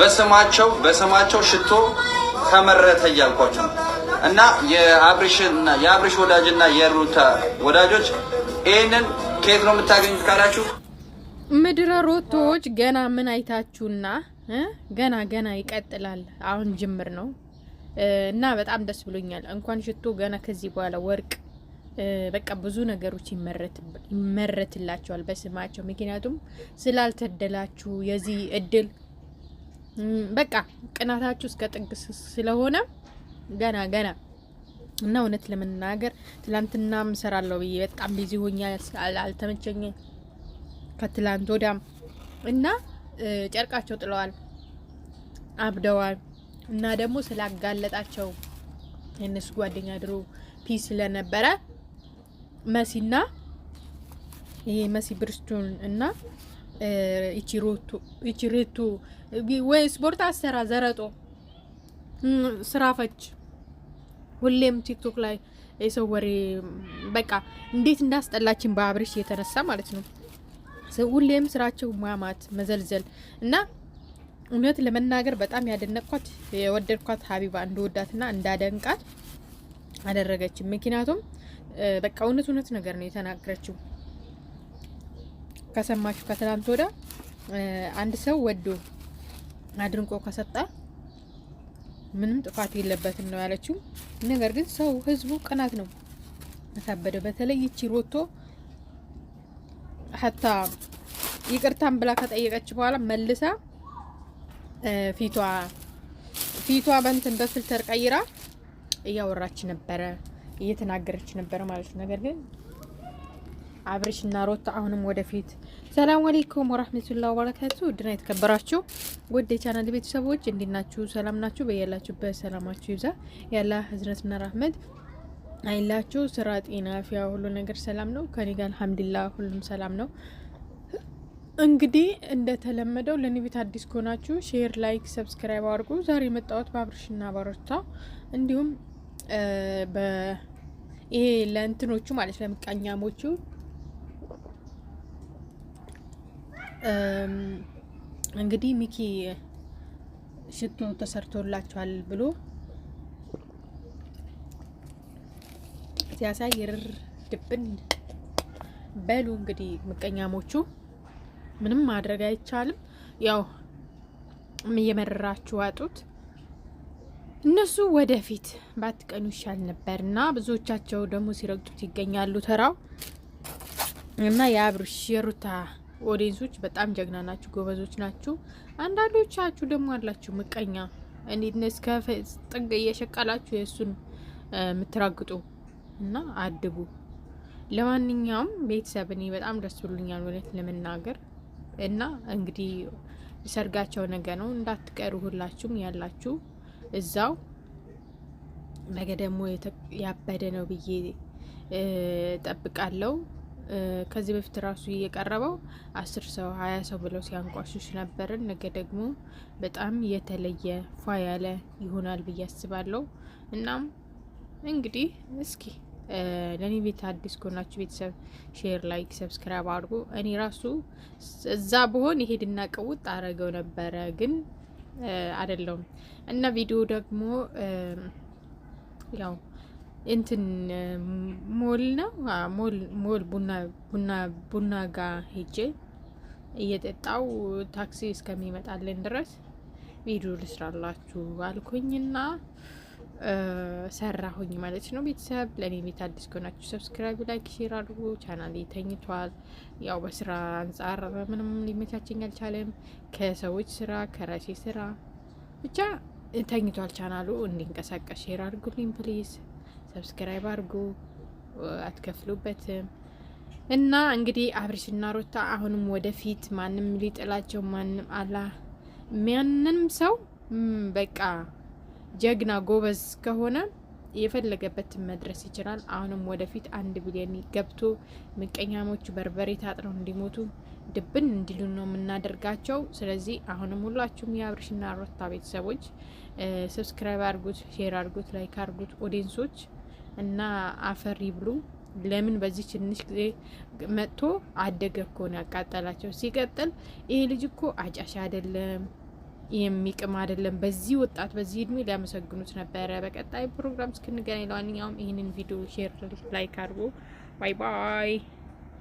በስማቸው በስማቸው ሽቶ ተመረተ እያልኳቸው ነው። እና የአብሪሽ ወዳጅና የሩታ ወዳጆች ይህንን ከየት ነው የምታገኙት ካላችሁ ምድረ ሮቶዎች ገና ምን አይታችሁና ገና ገና ይቀጥላል። አሁን ጅምር ነው እና በጣም ደስ ብሎኛል። እንኳን ሽቶ ገና ከዚህ በኋላ ወርቅ በቃ ብዙ ነገሮች ይመረትላቸዋል በስማቸው። ምክንያቱም ስላልተደላችሁ የዚህ እድል በቃ ቅናታችሁ እስከ ጥግ ስለሆነ ገና ገና እና እውነት ለመናገር ትላንትና ምሰራለሁ ብዬ በጣም ቢዚ ሆኛ አልተመቸኝ። ከትላንት ወዳም እና ጨርቃቸው ጥለዋል፣ አብደዋል። እና ደግሞ ስላጋለጣቸው የእነሱ ጓደኛ ድሮ ፒስ ስለነበረ መሲና ይሄ መሲ ብርስቱን እና ይችሬቱ eh, eh, ወይ ስፖርት አሰራ ዘረጦ ስራ ፈች ሁሌም ቲክቶክ ላይ የሰው ወሬ በቃ እንዴት እንዳስጠላችን በአብሪሽ የተነሳ ማለት ነው። ሁሌም ስራቸው ማማት፣ መዘልዘል እና እውነት ለመናገር በጣም ያደነቅኳት የወደድኳት ሀቢባ እንደወዳትና እንዳደንቃት አደረገችም። ምክንያቱም በቃ እውነት እውነት ነገር ነው የተናገረችው። ከሰማችሁ ከትናንት ወዳ አንድ ሰው ወዶ አድንቆ ከሰጣ ምንም ጥፋት የለበትም ነው ያለችው። ነገር ግን ሰው ህዝቡ ቅናት ነው ያሳበደው። በተለይ ይቺ ሮቶ ሀታ ይቅርታን ብላ ከጠየቀች በኋላ መልሳ ፊቷ ፊቷ በንትን በፊልተር ቀይራ እያወራች ነበረ፣ እየተናገረች ነበረ ማለት ነገር ግን አብርሽና ሮታ አሁንም ወደፊት። ሰላም አለይኩም ወራህመቱላሂ ወበረካቱ። ድና የተከበራችሁ ውድ የቻናል ቤተሰቦች እንዴት ናችሁ? ሰላም ናችሁ? በያላችሁበት ሰላማችሁ ይብዛ። ያላ ህዝነትና ራህመት አይላችሁ። ስራ፣ ጤና፣ ፊያ ሁሉ ነገር ሰላም ነው። ከኔ ጋር አልሐምዱሊላህ ሁሉም ሰላም ነው። እንግዲህ እንደተለመደው ለኔ ቤት አዲስ ከሆናችሁ ሼር፣ ላይክ፣ ሰብስክራይብ አድርጉ። ዛሬ የመጣሁት በአብርሽና በሮታ እንዲሁም ይሄ ለእንትኖቹ ማለት ለምቀኛሞቹ እንግዲህ ሚኪ ሽቶ ተሰርቶላቸዋል ብሎ ሲያሳይ ርር ድብን በሉ እንግዲህ ምቀኛሞቹ ምንም ማድረግ አይቻልም። ያው እየመረራችሁ አጡት። እነሱ ወደፊት ባትቀኑ ይሻል ነበር እና ብዙዎቻቸው ደግሞ ሲረግጡት ይገኛሉ። ተራው እና የአብርሽ የሩታ ኦዲንሶች በጣም ጀግና ናችሁ፣ ጎበዞች ናችሁ። አንዳንዶቻችሁ ደግሞ አላችሁ ምቀኛ እንዲነስ ከጥግ እየሸቀላችሁ የእሱን የምትራግጡ እና አድቡ። ለማንኛውም ቤተሰብ እኔ በጣም ደስ ብሎኛል እውነት ለመናገር እና እንግዲህ ሰርጋቸው ነገ ነው፣ እንዳትቀሩ ሁላችሁም ያላችሁ እዛው። ነገ ደግሞ ያበደ ነው ብዬ ጠብቃለሁ። ከዚህ በፊት ራሱ የቀረበው አስር ሰው ሀያ ሰው ብለው ሲያንቋሹሽ ነበርን። ነገ ደግሞ በጣም የተለየ ፏ ያለ ይሆናል ብዬ አስባለሁ። እናም እንግዲህ እስኪ ለእኔ ቤት አዲስ ከሆናችሁ ቤተሰብ ሼር፣ ላይክ፣ ሰብስክራይብ አድርጎ እኔ ራሱ እዛ ብሆን ይሄድና ቀውጥ አረገው ነበረ ግን አይደለውም እና ቪዲዮ ደግሞ ያው እንትን ሞል ነው ሞል ሞል ቡና ቡና ቡና ጋ ሄጄ እየጠጣው ታክሲ እስከሚመጣልን ድረስ ቪዲዮ ልስራላችሁ አልኩኝና ሰራሁኝ ማለት ነው። ቤተሰብ ለእኔ ቤት አዲስ ከሆናችሁ ሰብስክራይብ፣ ላይክ፣ ሼር አድርጉ። ቻናሌ ተኝቷል። ያው በስራ አንጻር ምንም ሊመቻቸኝ አልቻለም። ከሰዎች ስራ፣ ከራሴ ስራ ብቻ ተኝቷል ቻናሉ። እንዲንቀሳቀስ ሼር አድርጉልኝ ፕሊዝ፣ ሰብስክራይብ አድርጉ። አትከፍሉበትም። እና እንግዲህ አብርሽና ሩታ አሁንም ወደፊት ማንም ሊጥላቸው ማንም አላ ማንም ሰው በቃ ጀግና ጎበዝ ከሆነ የፈለገበትን መድረስ ይችላል። አሁንም ወደፊት አንድ ቢሊዮን ገብቶ ምቀኛሞቹ በርበሬ ታጥረው እንዲሞቱ ድብን እንዲሉ ነው የምናደርጋቸው። ስለዚህ አሁንም ሁላችሁም የአብርሽና ሩታ ቤተሰቦች ሰብስክራይብ አድርጉት፣ ሼር አድርጉት፣ ላይክ አድርጉት ኦዲንሶች እና አፈሪ ብሉ ለምን በዚህ ትንሽ ጊዜ መጥቶ አደገ እኮ ነው ያቃጠላቸው። ሲቀጥል ይሄ ልጅ እኮ አጫሽ አይደለም፣ የሚቅም አይደለም። በዚህ ወጣት በዚህ እድሜ ሊያመሰግኑት ነበረ። በቀጣይ ፕሮግራም እስክንገናኝ፣ ለማንኛውም ይህንን ቪዲዮ ሼር፣ ላይክ አድርጎ ባይ ባይ።